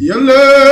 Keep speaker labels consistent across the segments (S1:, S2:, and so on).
S1: 耶勒。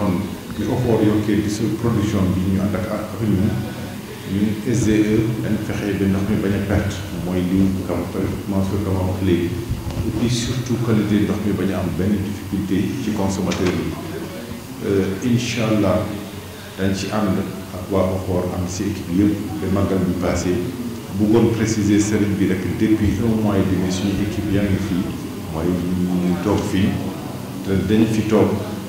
S1: li offort yokkee ci production bi ñu ànd ak ak ñun ñun SDE dañ fexe ba ndox mi bañ a perte mooy li kam Mansour Kama wax léegi et puis surtout qualité ndox mi bañ a am benn difficulté ci consommateur yi euh, incha allah dañ ci ànd ak waa Oxoor am si équipe yëpp ba màggal bi passé bëggoon préciser sëriñ bi rek depuis un mois et demi suñu équipe yaa ngi fii mooy ñu toog fii te dañ fi toog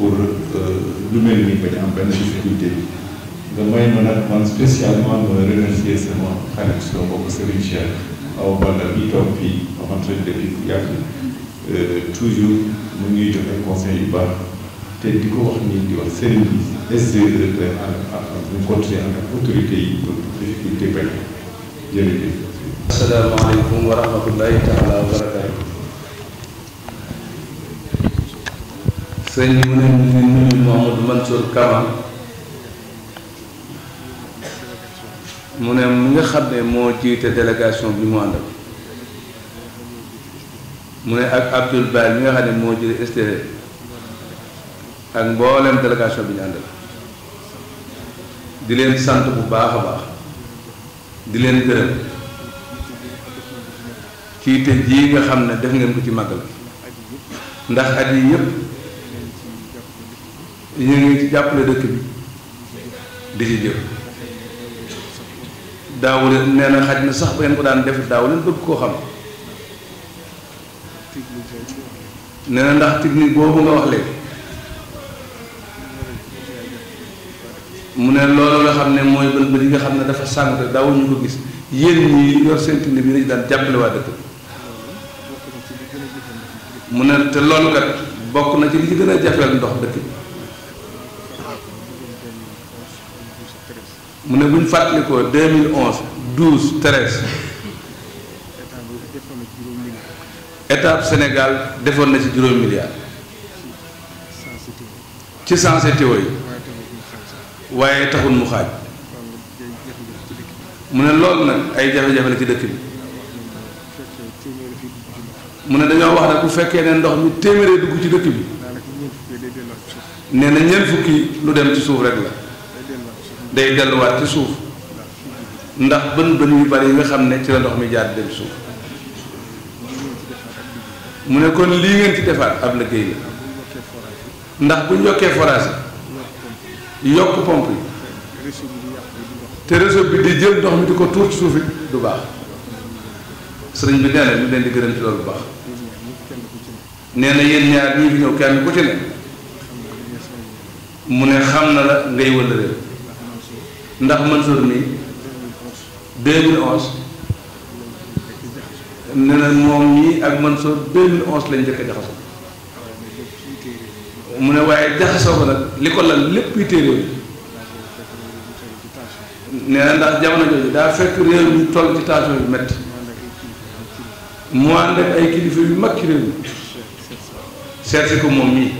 S1: pour euh, lu mel ni bañ am benn difficulté nga may ma nag man spécialement ma remercier sama xarit sama mbokk Serigne Cheikh Awa Balla bi toog fii xamante ne depuis bu yàgg euh, toujours mu ngi joxe conseil yu ba te di ko wax ni di wax Serigne bi SDE te ak ñu continuer ak autorité yi difficulté bañ jërëjëf.
S2: asalaamaaleykum wa rahmatullahi taala wa barakaatu. sëriñ bi mu ne ñu nuyu Mouhamadou Mansour Kama mu ne mi nga xam ne moo jiite délégation bi mu àndal mu ne ak Abdoul Baye mi nga xam ne moo jiite extérieur ak mboolem délégation bi ñu àndal di leen sant bu baax a baax di leen gërëm ciite jii nga xam ne def ngeen ko ci màggal ndax at yi yëpp. ñu ngi ci jàppale dëkk bi di ci jëf daaw leen nee na xaj na sax ba ngeen ko daan def daaw leen bëgg koo xam nee na ndax technique boobu nga wax léegi mu ne loolu nga xam ne mooy bën bën nga xam ne dafa sànq daaw ñu ko gis yéen ñi yor seen technique bi dañu daan jàppale waa dëkk bi mu ne te loolu kat bokk na ci li ci gën a jafeel ndox dëkk mu ne bu ñu fàttalikoo 2011 12 13 étape Sénégal defoon na ci juróom milliard ci sensitéo yi waaye taxul mu xaaj mu ne lool nag ay jafe-jafe la ci dëkk bi mu ne dañoo wax ne bu fekkee ne ndox mi téeméeree dugg ci dëkk bi nee na ñeent fukki lu dem ci suuf rek la. day delluwaat ci suuf ndax bën bën yu bari yi nga xam ne ci la ndox mi jaar dem suuf mu ne kon lii ngeen ci defaat ab liggéey
S3: la
S2: ndax bu ñu yokkee forage yi yokk pompe
S3: yi
S2: te réseau bi di jël ndox mi di ko tuur ci suuf it du baax sëriñ bi nee ñu leen di gërëm ci loolu baax nee na yéen ñaar ñii fi ñëw kenn ku ci ne mu ne xam na la ngay wëlëreel ndax Mansour mi 2011 nee na moom mii ak Mansour 2011 lañ njëkk a jaxasoo mu ne waaye jaxasoo ko nag li ko lal lépp yi téere yi
S3: nee ndax jamono jooju daa fekk réew mi toll ci tension yu métti mu ànd ak ay kilifa yu mag ci réew mi
S2: seet si ko moom mii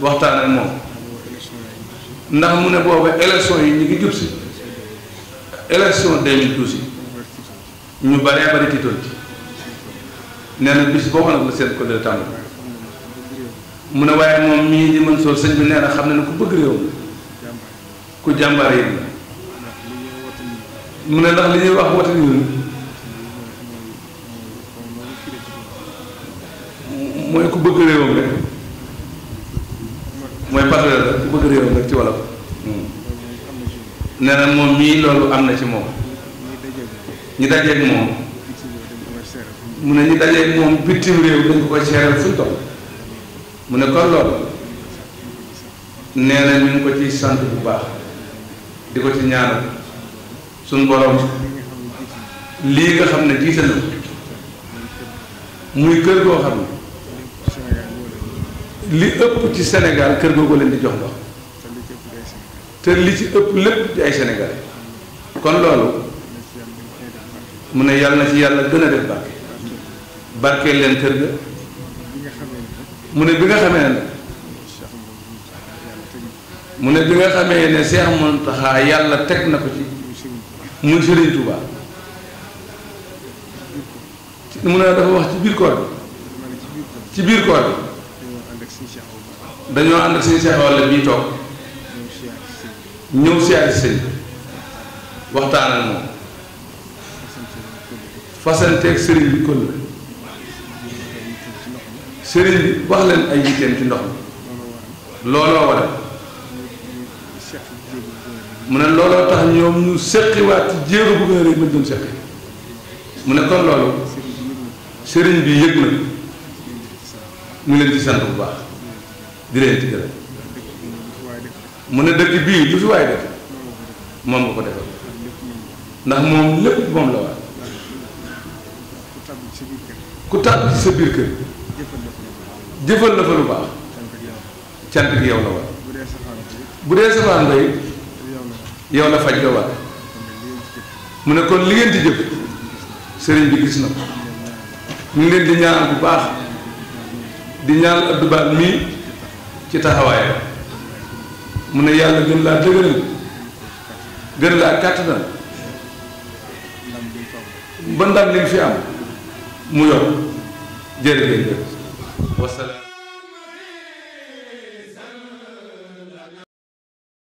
S2: waxtaan ak moom. ndax mu ne booba élection yi ñu ngi jub si élection 2012 yi ñu baree bari tiitoon ci nee na bis boo xam ne la seen ko dee tàmbali mu ne waaye moom mii di mën sool sëñ bi nee xam ne ne ku bëgg réew ku jàmbaar yi la mu ne ndax li ñuy wax wote mooy ku bëgg réewam rek bëgg ci wolof nee na moom mii loolu am na ci moom ñu dajeeg moom mu ne ñu dajeeg moom bitim réew dañ ko koy seeral fu mu ne ko loolu nee na ko ciy sant bu baax di ko ci ñaanal suñ borom lii nga xam ne jiite na ko muy kër goo xam
S3: ne
S2: li ëpp ci senegal kër googu leen di jox ndox te li ci ëpp lépp di ay sénégalais kon loolu mu ne yàlla na ci yàlla gën a def barke barkeel leen kër ga mu ne bi nga xamee ne mu ne bi nga xamee ne Seex Muntaxa yàlla teg na ko ci muy Sëriñ Tuubaa mu ne dafa wax ci biir koor bi ci biir koor
S3: bi dañoo ànd ak seen Seex Walla bii toog
S2: ñëw siyaare sëñ waxtaan ak moom fasanteeg sëriñ bi kon sëriñ bi wax leen ay yitteem ci ndox mi looloo waral mu ne looloo tax ñoom ñu séqiwaat ci jéego bu a rëy ma doon séqi mu ne kon loolu sëriñ bi yëg na mu leen ci sant bu baax di leen ci gërëm mu ne dëkk bii lu fi waay def moom nga ko defal ndax moom lépp moom la war
S3: ku tàbbi ci sa biir kër
S2: jëfal la lu baax cant gi yow la war
S3: bu dee safaan ba it yow la faj la war
S2: mu ne kon li ngeen di jëf sëriñ bi gis na ko ñu ngi leen di ñaan bu baax di ñaan Abdou Bal mii ci taxawaayam mu ne yàlla gën laa dëgëral gën laa kàttanal ba fi am mu yor jërëjëf wasalaam